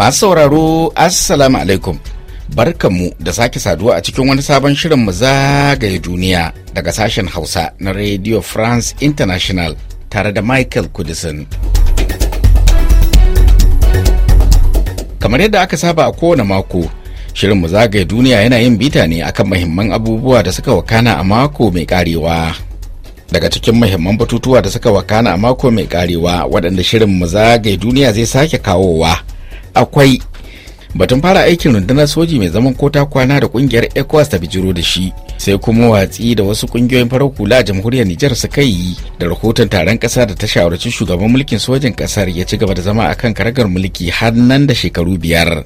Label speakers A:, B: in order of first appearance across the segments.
A: Masu sauraro Assalamu alaikum. Barkanmu da sake saduwa a cikin wani sabon shirin mu zagaye duniya daga sashen Hausa na Radio France International tare da Michael Kudisin. Kamar yadda aka saba a kowane mako, shirin mu zagaye duniya yana yin bita ne akan mahimman abubuwa da suka wakana a mako mai karewa. daga cikin mahimman batutuwa da suka wakana a mako mai karewa waɗanda shirin mu zagaye duniya zai sake kawowa akwai batun fara aikin rundunar soji mai zaman kota kwana da kungiyar ecowas ta bijiro da shi sai kuma watsi da wasu kungiyoyin farar kula a jamhuriyar nijar suka yi da rahoton taron kasa da ta shawarci shugaban mulkin sojin kasar ya ci gaba da zama a kan karagar mulki har nan da shekaru biyar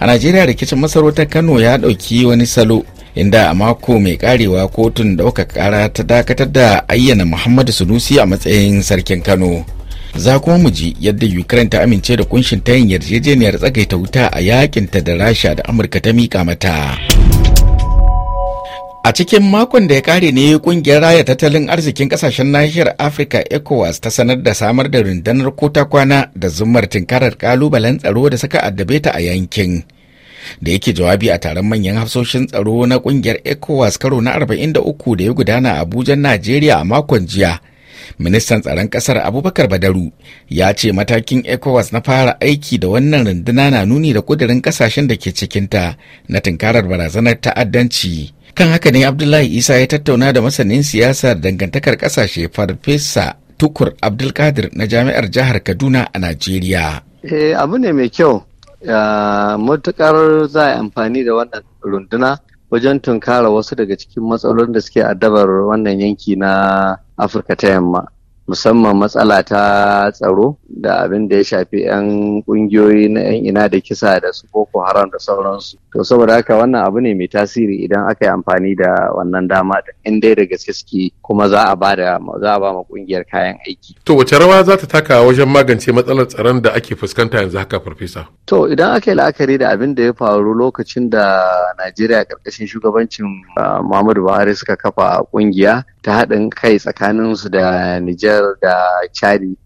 A: a najeriya rikicin masarautar kano ya ɗauki wani salo inda a mako mai karewa kotun ɗaukar kara ta dakatar da ayyana muhammadu sunusi a matsayin sarkin kano za kuma mu ji yadda ukraine ta amince da kunshin ta yin yarjejeniyar tsagaita wuta a yakinta da rasha da amurka ta mika mata a cikin makon da ya kare ne kungiyar raya tattalin arzikin kasashen nahiyar afirka ecowas ta sanar da samar da rundunar kota kwana da zumar tinkarar kalubalen tsaro da suka addabe ta a yankin da yake jawabi a taron manyan hafsoshin tsaro na kungiyar ecowas karo na 43 da ya gudana a abuja najeriya a makon jiya ministan tsaron kasar abubakar badaru ya ce matakin ecowas na fara aiki da wannan runduna na nuni da kudirin kasashen da ke cikinta na tunkarar barazanar ta'addanci kan haka ne abdullahi isa ya tattauna da masanin siyasar dangantakar kasashe farfesa tukur abdulkadir na jami'ar jihar kaduna a najeriya
B: eh, abu ne mai kyau
A: matukar za a amfani da wannan runduna wajen tunkara wasu daga cikin matsalolin da suke addabar wannan yanki na afirka ta yamma musamman matsala ta tsaro da abin da ya shafi 'yan kungiyoyi na 'yan ina da kisa da su boko haram da sauransu to saboda haka wannan abu ne mai tasiri idan aka yi amfani da wannan dama da in dai da gaske suke kuma za a bada za a ba ma kungiyar kayan aiki
C: to wace rawa za ta taka wajen magance matsalar tsaron da ake fuskanta yanzu haka farfesa
A: to idan aka yi la'akari da abin da ya faru lokacin da najeriya karkashin shugabancin ah, muhammadu buhari suka kafa kungiya ta haɗin kai tsakaninsu da Nijar da Chadi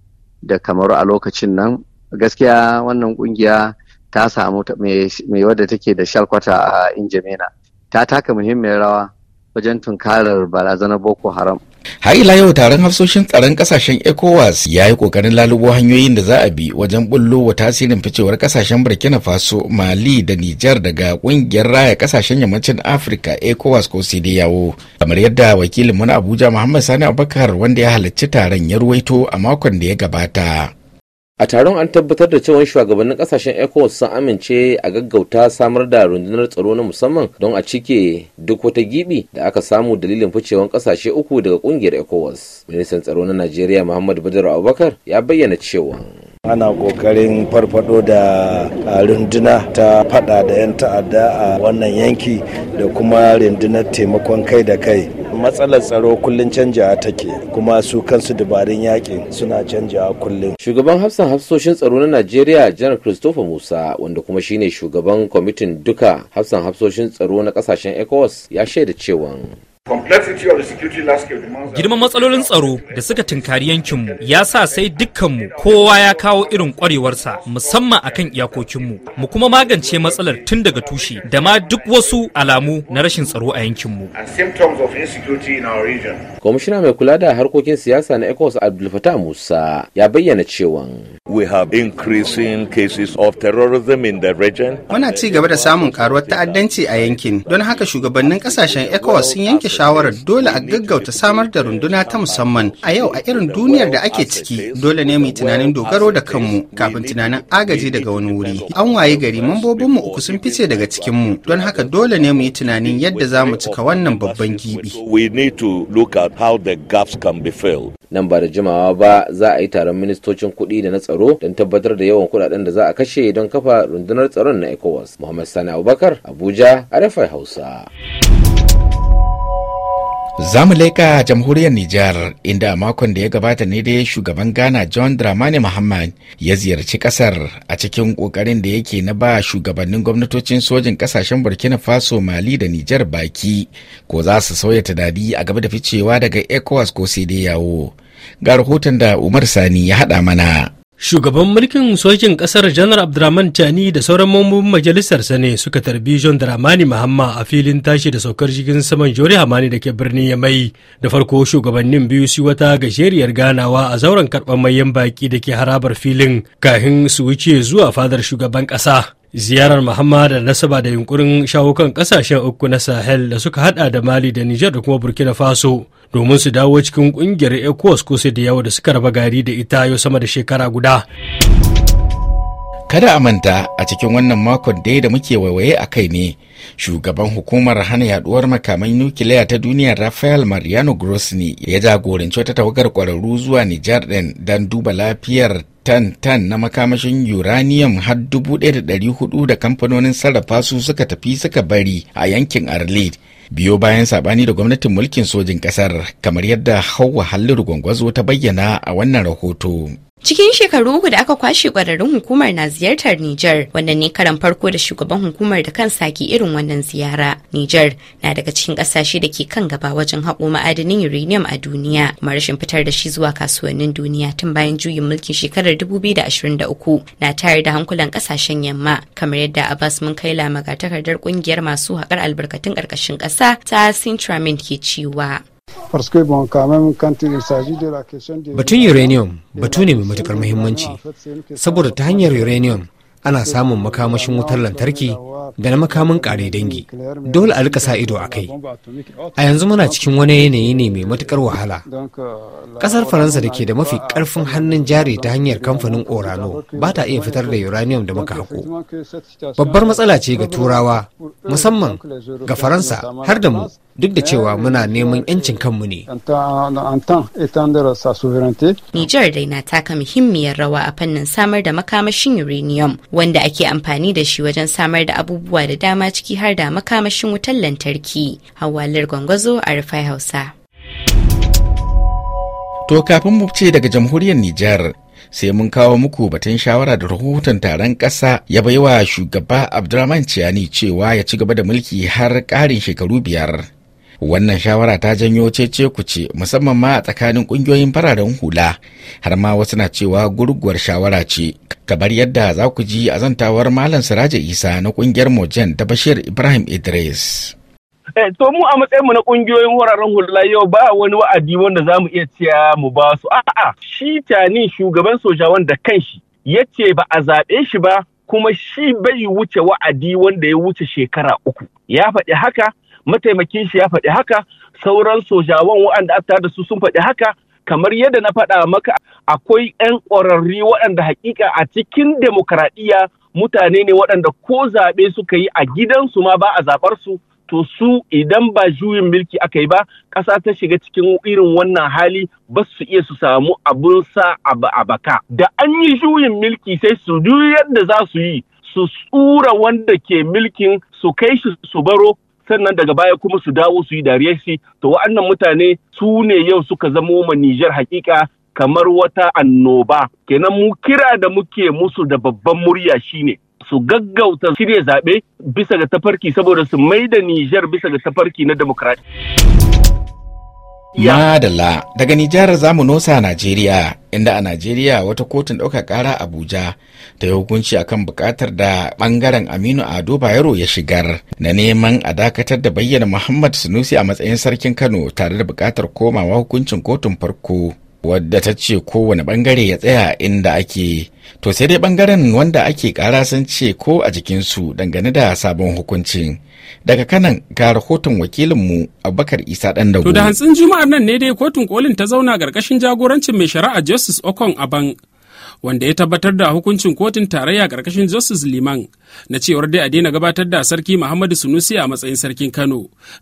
A: da Kamaru a lokacin nan. Gaskiya wannan ƙungiya ta samu mai wadda take da shalkwata a Injamena. Ta taka muhimmiyar rawa wajen tunkarar barazanar Boko Haram. Har ila yau taron hafsoshin tsaron kasashen ECOWAS ya yi kokarin lalubo hanyoyin da za a bi wajen bullo wa tasirin ficewar kasashen Burkina Faso, Mali da Nijar daga kungiyar raya kasashen yammacin Afirka ECOWAS ko yawo Kamar yadda wakilin muna Abuja Muhammad Sani Abubakar wanda ya halarci taron ya ruwaito a makon da ya gabata. a taron an tabbatar da cewa shugabannin kasashen ecowas sun amince a gaggauta samar da rundunar tsaro na musamman don a cike duk wata gibi da aka samu dalilin ficewan kasashe uku daga kungiyar ecowas ministan tsaro na najeriya Muhammadu badar abubakar ya bayyana cewa
D: ana kokarin farfado da runduna
A: ta fada da 'yan ta'adda a wannan yanki da kuma rundunar taimakon kai da kai matsalar tsaro kullum canjawa take kuma su kansu dabarun yaƙi suna canjawa kullum shugaban hafsan hafsoshin tsaro na najeriya janar christopher musa wanda kuma shine shugaban kwamitin duka hafsan hafsoshin tsaro na kasashen ecowas ya shaida cewa Girman matsalolin tsaro da suka tunkari yankinmu ya sa sai dukkanmu kowa ya kawo irin kwarewarsa musamman kan iyakokinmu mu kuma magance matsalar tun daga tushe da ma duk wasu alamu na rashin tsaro a yankinmu. Kwamishina mai kula da harkokin siyasa na ECOWAS Abdul Musa ya bayyana cewa
E: We have increasing cases of terrorism in the region.
C: Muna ci gaba da samun karuwar ta'addanci a yankin don haka shugabannin ƙasashen ECOWAS sun yanke
A: shawarar dole a gaggauta samar da runduna ta musamman a yau a irin duniyar da ake ciki dole ne mu tunanin dogaro da kanmu kafin tunanin agaji daga wani wuri an waye gari mu uku sun fice daga cikin mu don haka dole ne mu yi tunanin yadda za mu cika wannan babban gibi nan ba da jimawa ba za a yi taron ministocin kuɗi da na tsaro don tabbatar da yawan kuɗaɗen da za a kashe don kafa rundunar tsaron na ecowas muhammad sani abubakar abuja arafai hausa Za mu leƙa jamhuriyar Nijar inda a makon da ya gabata ne dai shugaban Ghana John Dramani Muhammad ya ziyarci ƙasar, a cikin ƙoƙarin da yake na ba shugabannin gwamnatocin sojin ƙasashen Burkina Faso Mali da Nijar baki ko za su sauya tunani a gaba da ficewa daga ECOWAS ko sai dai yawo. Ga rahoton da Umar Sani ya haɗa mana.
C: Shugaban mulkin sojin ƙasar Janar Abdurrahman Tani da sauran mambobin majalisar ne suka tarbi John Dramani Mahamma a filin tashi da saukar jirgin saman Jori Hamani da ke birnin Yamai. Da farko shugabannin biyu su wata gajeriyar ganawa a zauren karɓar mayan baƙi da ke harabar filin kafin su wuce zuwa fadar shugaban ƙasa. ziyarar muhammad da nasaba da yunkurin shawo kan kasashen uku na sahel da suka hada da mali da nijar da kuma burkina faso domin su dawo cikin kungiyar ecowas ko sai da yawa da suka raba gari da
A: ita yau sama da shekara guda. kada a manta a cikin wannan makon dai da muke waiwaye a kai ne shugaban hukumar hana yaduwar makaman nukiliya ta duniya rafael mariano grossi ya jagoranci wata tawagar kwararru zuwa nijar din don duba lafiyar tan-tan na makamashin uranium har 1,400 da kamfanonin sarrafa su suka tafi suka bari a yankin arlid biyo bayan sabani da gwamnatin mulkin sojin kasar kamar yadda hauwa halliru gwangwazo ta bayyana a wannan rahoto
B: Cikin shekaru uku da aka kwashe kwararrun hukumar na ziyartar Nijar, wanda ne karan farko da shugaban hukumar da kan saki irin wannan ziyara. Nijar na daga cikin kasashe da ke kan gaba wajen haƙo ma'adanin uranium a duniya, kuma rashin fitar da shi zuwa kasuwannin duniya tun bayan juyin mulkin shekarar 2023 na tayar da hankulan kasashen yamma, kamar yadda Abbas lamaga takardar kungiyar masu haƙar albarkatun ƙarƙashin ƙasa ta Sintramin ke cewa.
C: Batun uranium
A: batu ne mai matukar muhimmanci saboda ta hanyar uranium ana samun makamashin wutar lantarki da na makamin ƙare dangi dole a rika sa ido a kai a yanzu muna cikin wani yanayi ne mai matukar wahala Ƙasar euh, faransa da ke da mafi ƙarfin hannun jari ta hanyar kamfanin orano euh, ba ta iya fitar da uranium da muka hako babbar matsala ce ga turawa musamman
B: ga faransa har da
A: mu duk da cewa muna neman 'yancin kanmu ne.
B: Nijar dai na taka muhimmiyar rawa a fannin samar da makamashin uranium wanda ake amfani da shi wajen samar da abubuwa da dama ciki har da makamashin wutar lantarki. Hawalar gwangwazo a Rufai Hausa.
A: To kafin mu ce daga jamhuriyar Nijar sai mun kawo muku batun shawara da rahoton taron ƙasa ya baiwa shugaba abdulrahman chiani cewa ya ci gaba da mulki har ƙarin shekaru biyar. wannan shawara ta janyo cece ce, musamman ma a tsakanin kungiyoyin fararen hula har ma wasu na cewa gurguwar shawara ce kamar yadda za ku ji a zantawar malam siraja isa na kungiyar mojen ta bashir ibrahim idris
E: eh, to mu a matsayinmu na kungiyoyin wararen hula yau ba wani wa'adi wanda za mu iya ciya mu ba su a'a shi tani shugaban wanda wanda kanshi ya ce ba a zaɓe shi ba kuma shi bai wuce wa'adi wanda ya wuce shekara uku ya faɗi haka mataimakin shi ya faɗi haka sauran sojawan waɗanda aka da su sun faɗi haka kamar yadda na faɗa maka akwai 'yan ƙwararri waɗanda hakika a cikin demokradiyya mutane ne waɗanda ko zaɓe suka yi a gidansu ma ba a zaɓar su to su idan ba juyin mulki aka yi ba ƙasa ta shiga cikin irin wannan hali ba su iya su samu abun sa a baka da an yi juyin mulki sai su duk yadda za su yi su tsura wanda ke milkin su kai shi su baro sannan daga baya kuma su dawo su yi dariyar shi to wa'annan mutane su ne yau suka zamo ma Nijar hakika kamar wata annoba kenan mu kira da muke musu da babban murya shine su gaggauta shirya zaɓe bisa ga tafarki saboda su mai da Nijar bisa ga tafarki na demokradiyya.
A: Madalla daga Nijar zamu nosa Najeriya inda a Najeriya wata kotun ɗaukar ƙara Abuja ta yi hukunci akan buƙatar da ɓangaren Aminu Ado Bayero ya shigar na neman a dakatar da bayyana Muhammad Sunusi a matsayin sarkin Kano tare da buƙatar komawa hukuncin kotun farko wadda ta ce kowane bangare ya tsaya inda ake to sai dai bangaren wanda ake kara sun ce ko a jikinsu dangane da sabon hukuncin daga kanan ga rahoton wakilinmu abubakar isa dan dago to da hantsin
C: juma'ar nan ne dai kotun kolin ta zauna karkashin jagorancin mai shari'a justice okon a aban wanda ya tabbatar da hukuncin kotun tarayya karkashin justice liman na cewar dai a daina gabatar da sarki muhammadu sunusi a matsayin sarkin kano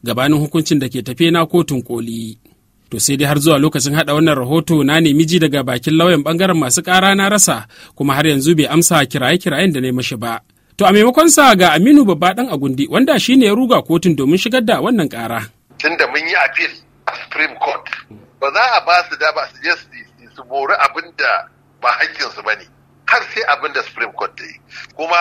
C: gabanin hukuncin da ke tafe na kotun koli to sai dai har zuwa lokacin hada wannan rahoto na nemi ji daga bakin lauyan bangaren masu kara na rasa kuma har yanzu bai amsa kiraye-kirayen da na mashi ba to a maimakon sa ga aminu babba dan agundi wanda shine ya ruga kotun domin shigar da wannan kara
E: tunda mun yi appeal a supreme court ba za a ba su dama su je su mori abin da ba hakkin ba ne har sai abin da supreme court ta yi kuma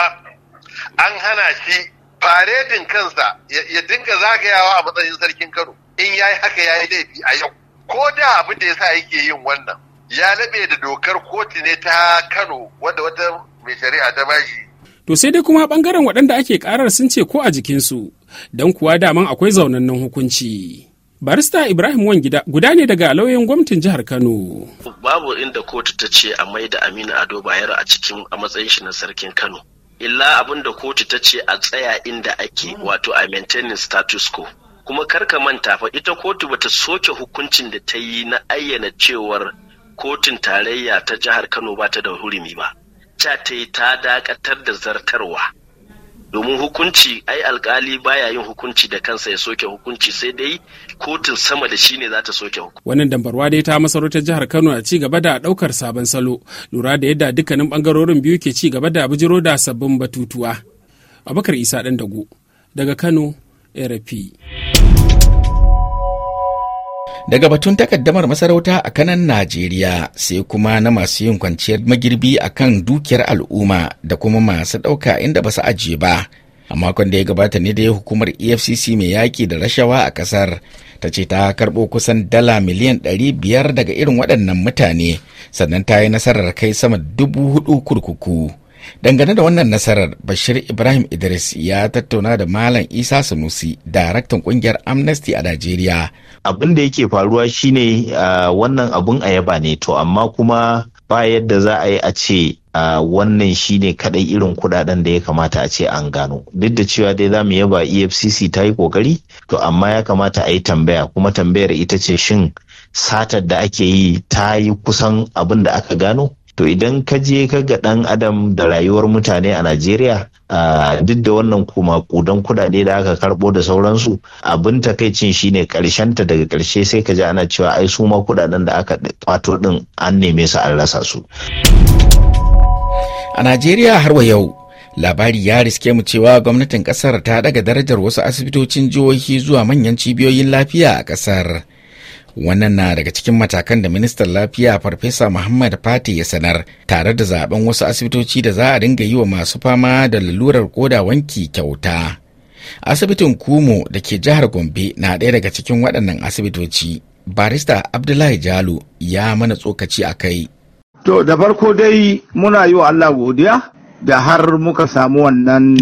E: an hana shi faredin kansa ya dinga zagayawa a matsayin sarkin kano in ya haka yayi laifi a yau ko da abin da ya sa yake yin wannan ya laɓe da dokar kotu ne ta Kano wadda wata mai shari'a ta bashi
C: to sai dai kuma ɓangaren waɗanda ake karar sun ce ko a jikinsu don kuwa daman akwai zaunannen hukunci barista ibrahim wangida guda ne daga lauyan gwamnatin jihar kano
E: babu inda kotu ta ce a mai da aminu ado bayar a cikin a matsayin shi na sarkin kano illa abin da kotu ta ce a tsaya inda ake mm. wato a maintaining status quo kuma karka manta fa ita kotu bata soke hukuncin da ta yi na ayyana cewar kotun tarayya ta jihar Kano ba ta da hurumi ba ta ta yi ta dakatar da zartarwa domin hukunci ai alkali baya yin hukunci da kansa ya soke hukunci sai dai kotun sama da shine za ta soke hukunci.
C: Wannan dambarwa dai ta masarautar jihar Kano a ci gaba da daukar sabon salo lura da yadda dukkanin bangarorin biyu ke ci gaba da bijiro da sabbin batutuwa. Abakar Isa dan dago daga Kano rfi
A: daga batun takaddamar masarauta a kanan najeriya sai kuma na masu yin kwanciyar magirbi a kan dukiyar al'umma da kuma masu ɗauka inda ba su ajiye ba a makon da ya gabata ne da ya hukumar efcc mai yaƙi da rashawa a ƙasar ta ce ta karɓo kusan dala miliyan ɗari biyar daga irin waɗannan mutane sannan ta yi nasarar kai sama dubu hudu kurkuku Dangane da wannan nasarar, Bashir Ibrahim Idris ya tattauna da Malam Isa Sanusi, daraktan kungiyar Amnesty a Najeriya.
E: Abin da yake faruwa shine wannan abun ayaba ne, to amma kuma ba
A: yadda za a yi a ce wannan shine kadai irin kudaden da ya kamata a ce an gano duk da cewa dai za mu yaba efcc ta yi kokari to amma ya kamata a yi tambaya kuma tambayar ita ce shin satar da ake yi ta yi kusan abin da aka gano
E: to idan ka je ka ga ɗan adam da rayuwar mutane a najeriya duk da wannan kuma kudan kudade da aka karbo da sauransu abin takaicin shine ta
A: daga karshe sai ka ji ana cewa ai su ma kudaden da aka kwato din an neme su an rasa su a najeriya har wa yau labari ya riske mu cewa gwamnatin kasar ta daga darajar wasu asibitocin jihohi zuwa manyan cibiyoyin lafiya a kasar wannan na daga cikin matakan da ministan lafiya farfesa muhammad fati ya sanar tare da zaben wasu asibitoci da za a dinga yi wa masu fama da lalurar koda wanki kyauta asibitin kumo da ke jihar gombe na ɗaya daga cikin waɗannan asibitoci barista abdullahi jalo ya mana tsokaci a kai
D: to da farko dai muna yi wa allah godiya da har muka samu wannan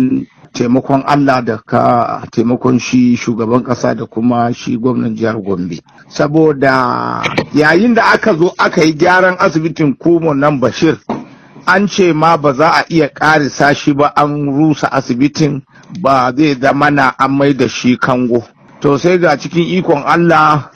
D: taimakon Allah da ka taimakon shi shugaban ƙasa da kuma shi gwamnan jihar Gombe. Saboda yayin da aka zo aka yi gyaran asibitin Kumo nan Bashir an ce ma ba za a iya ƙarisa shi ba an rusa asibitin ba zai zama na an mai da shi kango. To sai ga cikin ikon Allah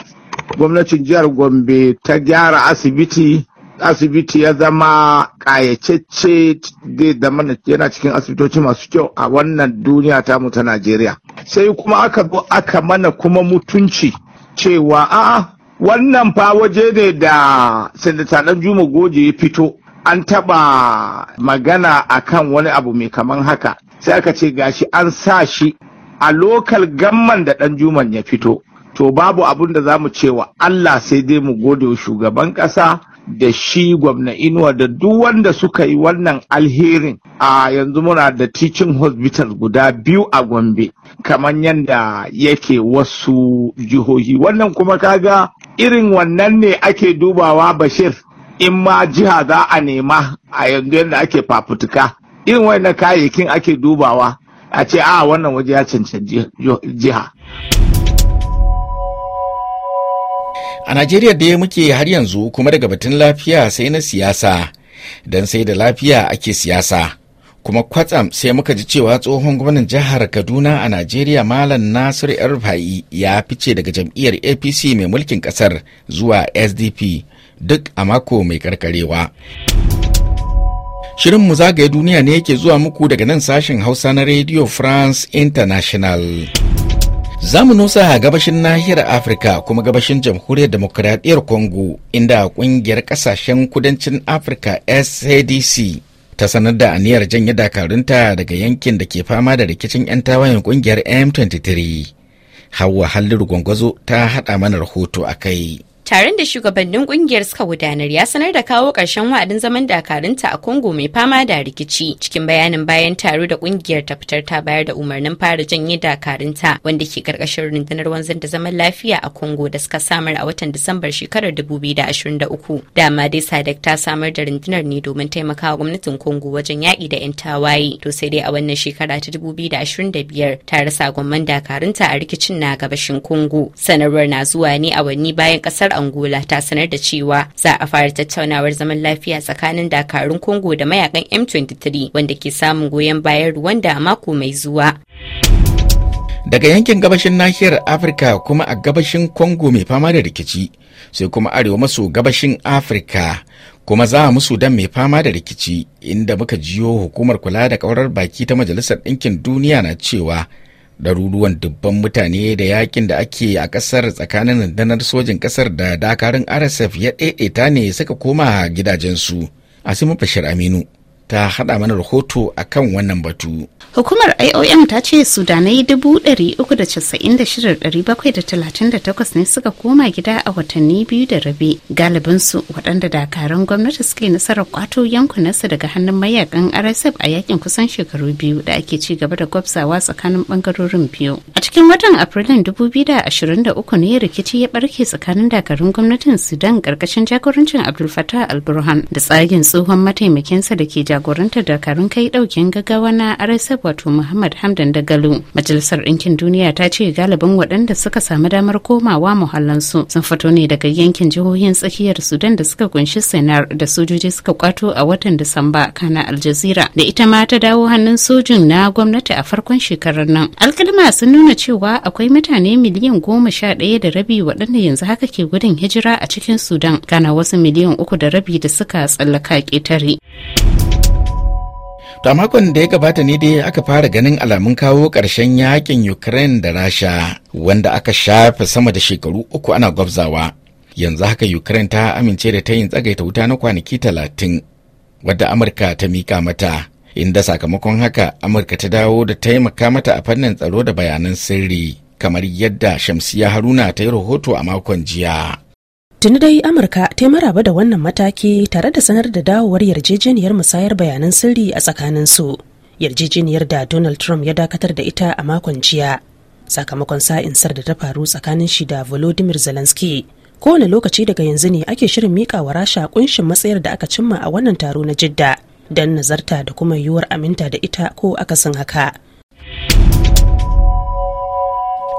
D: gwamnatin jihar Gombe ta gyara asibiti asibiti ya zama kayacece da zama yana cikin asibitoci masu kyau a wannan duniya ta mu ta Najeriya. Sai kuma aka zo aka mana kuma mutunci cewa a'a wannan fa waje ne da sanata na Juma Goje ya fito an taɓa magana akan wani abu mai kaman haka sai aka ce gashi an sa shi a lokal gamman da ɗan juman ya fito to babu abin da za mu cewa Allah sai dai mu gode wa shugaban ƙasa da shi gwamna inuwa da duk wanda suka yi wannan alherin a yanzu muna da teaching hospital guda biyu a gombe kamar yadda yake wasu jihohi wannan kuma kaga irin wannan ne ake dubawa bashir in ma jiha za a nema a yanzu yadda ake fafutuka irin wannan kayayyakin ake dubawa a ce a ah, wannan waje ya cancanci jiha
A: A Najeriya da muke har yanzu kuma daga batun lafiya sai na siyasa, don sai da lafiya ake siyasa. Kuma kwatsam sai muka ji cewa tsohon gwamnan jihar Kaduna a Najeriya Malam nasiru Erfa'i ya fice daga jam'iyyar APC mai mulkin kasar zuwa SDP duk a mako mai karkarewa. Shirin mu zagaye duniya ne yake zuwa muku daga nan sashen Hausa na Radio France International. Za mu nusa gabashin nahiyar Afirka kuma gabashin jamhuriyar demokuraɗiyar Congo inda ƙungiyar ƙasashen kudancin Afirka SADC ta sanar da aniyar janye dakarunta daga yankin da ke fama da rikicin 'yan tawayen ƙungiyar M23. Hauwa halin Gwangwazo ta haɗa mana rahoto a kai.
B: taron da shugabannin kungiyar suka gudanar ya sanar da kawo ƙarshen wa'adin zaman dakarunta a Congo mai fama da rikici. Cikin bayanin bayan taro da kungiyar ta fitar ta bayar da umarnin fara janye dakarunta wanda ke karkashin rundunar wanzan da zaman lafiya a Congo da suka samar a watan Disambar shekarar 2023. Dama dai Sadek ta samar da rundunar ne domin taimakawa gwamnatin Congo wajen yaƙi da 'yan tawaye. To sai dai a wannan shekara ta 2025 ta rasa gwamman dakarunta a rikicin na gabashin Congo. Sanarwar na zuwa ne a wanni bayan ƙasar Angola ta sanar da cewa za a fara tattaunawar zaman lafiya tsakanin dakarun Congo da mayakan M23 wanda ke samun goyon bayan Rwanda a mako mai zuwa.
A: daga yankin gabashin nahiyar afirka kuma a gabashin congo mai fama da rikici sai kuma arewa maso gabashin afirka kuma za mu sudan mai fama da rikici inda muka jiyo hukumar kula da kaurar baki ta majalisar ɗinkin duniya na cewa ɗaruruwan dubban mutane da yakin da ake a ƙasar tsakanin rundunar sojin ƙasar da dakarun rsf ya ɗaiɗaita ne suka koma gidajensu asimu bashir aminu ta haɗa mana rahoto a kan wannan batu.
F: Hukumar IOM ta ce Sudanai 396,738 ne suka koma gida a watanni biyu da rabe. Galibinsu waɗanda dakarun gwamnati suke nasarar kwato yankunansu daga hannun mayakan RSF a yakin kusan shekaru biyu da ake ci gaba da gwabzawa tsakanin bangarorin biyu. A cikin watan Afrilun 2023 ne rikici ya barke tsakanin dakarun gwamnatin Sudan karkashin jagorancin Abdul Fattah al-Burhan da tsagin tsohon mataimakinsa da ke jagorantar dakarun kai daukin gaggawa na RSA wato Muhammad Hamdan Dagalo. Majalisar Ɗinkin Duniya ta ce galibin waɗanda suka samu damar komawa muhallansu sun fito ne daga yankin jihohin tsakiyar Sudan da suka kunshi Senar da sojoji suka kwato a watan Disamba kana Aljazira da ita ma ta dawo hannun sojin na gwamnati a farkon shekarar nan. Alkalma sun nuna cewa akwai mutane miliyan goma sha ɗaya da rabi waɗanda yanzu haka ke gudun hijira a cikin Sudan kana wasu miliyan uku da rabi da suka tsallaka ƙetare.
A: To a makon da ya gabata ne dai aka fara ganin alamun kawo ƙarshen yakin Ukraine da Rasha wanda aka shafe sama da shekaru uku ana gwabzawa. Yanzu haka Ukraine ta amince da ta yin tsagaita wuta na kwanaki talatin wadda Amurka ta mika mata. Inda sakamakon haka Amurka ta dawo da taimaka mata a fannin tsaro da bayanan sirri kamar yadda Shamsiya Haruna ta yi rahoto a makon jiya.
F: Tuni dai Amurka ta maraba da wannan mataki tare da sanar da dawowar yarjejeniyar musayar bayanan sirri a tsakanin su. Yarjejeniyar da Donald Trump ya dakatar da ita a makon jiya. Sakamakon sa'insar da ta faru tsakanin shi da Volodymyr Zelensky. Kowane lokaci daga yanzu ne ake shirin mika wa Rasha kunshin matsayar da aka cimma a wannan taro na Jidda. don nazarta da kuma yiwuwar aminta da ita ko akasin haka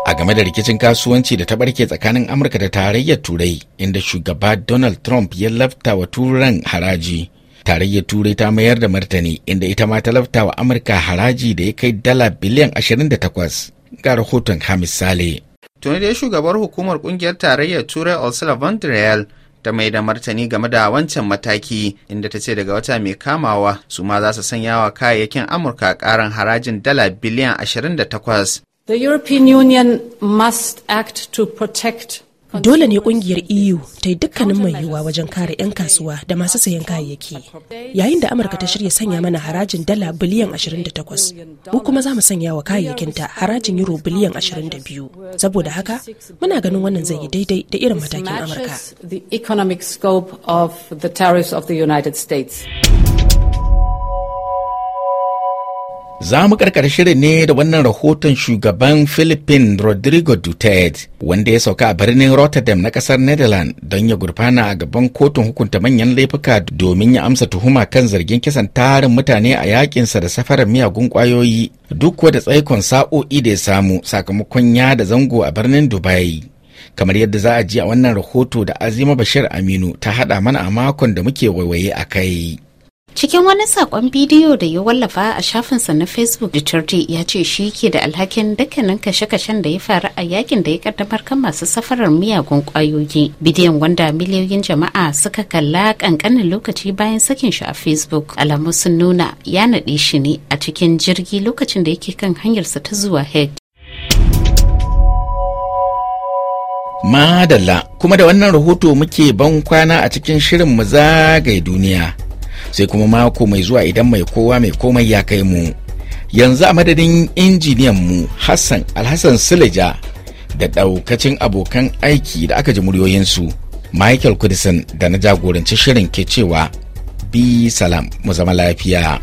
A: a game da rikicin kasuwanci da ta barke tsakanin amurka da tarayyar turai inda shugaba donald trump ya lafta wa turan haraji tarayyar turai ta mayar da martani inda ita ma ta lafta wa amurka haraji da ya kai dala biliyan 28 ga rahoton hamis sale tuni dai shugabar hukumar kungiyar tarayyar turai ursula von der leyen ta mai da martani game da wancan mataki inda ta ce daga wata mai kamawa su ma za su sanya wa kayayyakin amurka karin harajin dala biliyan 28
F: Dole ne kungiyar EU ta yi dukkanin mai yiwuwa wajen kare 'yan kasuwa da masu sayan kayayyaki. Yayin da Amurka ta shirya sanya mana harajin dala biliyan 28, mu kuma za mu sanya wa kayayyakinta harajin euro biliyan 22. Saboda haka, muna ganin wannan zai yi daidai da irin matakin Amurka.
A: Za mu karkare shirin ne da wannan rahoton shugaban Philippine Rodrigo Duterte wanda ya sauka a birnin Rotterdam na kasar Netherlands don ya gurfana a gaban kotun hukunta manyan laifuka domin ya amsa tuhuma kan zargin kisan tarin mutane a yakinsa da safarar miyagun kwayoyi duk da tsaikon sa'o'i da ya samu sakamakon ya da zango a birnin Dubai. Kamar yadda za a ji a wannan rahoto da Azima Bashir Aminu ta haɗa mana a makon da muke waiwaye a kai.
F: cikin wani sakon bidiyo da ya wallafa a shafinsa na facebook duterte ya ce shi ke da alhakin dukkanin kashe-kashen da ya faru a yakin da ya kaddamar kan masu safarar miyagun kwayoyi bidiyon wanda miliyoyin jama'a suka kalla kankanin lokaci bayan sakin shi a facebook alamu sun nuna ya naɗe shi ne a cikin jirgi lokacin da yake kan hanyarsa ta zuwa hague
A: madalla kuma da wannan rahoto muke ban kwana a cikin shirin mu zagaye duniya sai kuma mako mai zuwa idan mai kowa mai komai ya kai mu yanzu a madadin injiniyan mu hassan alhassan sulaja da daukacin abokan aiki da aka ji muryoyinsu michael kudison da na jagoranci shirin ke cewa bi salam mu zama lafiya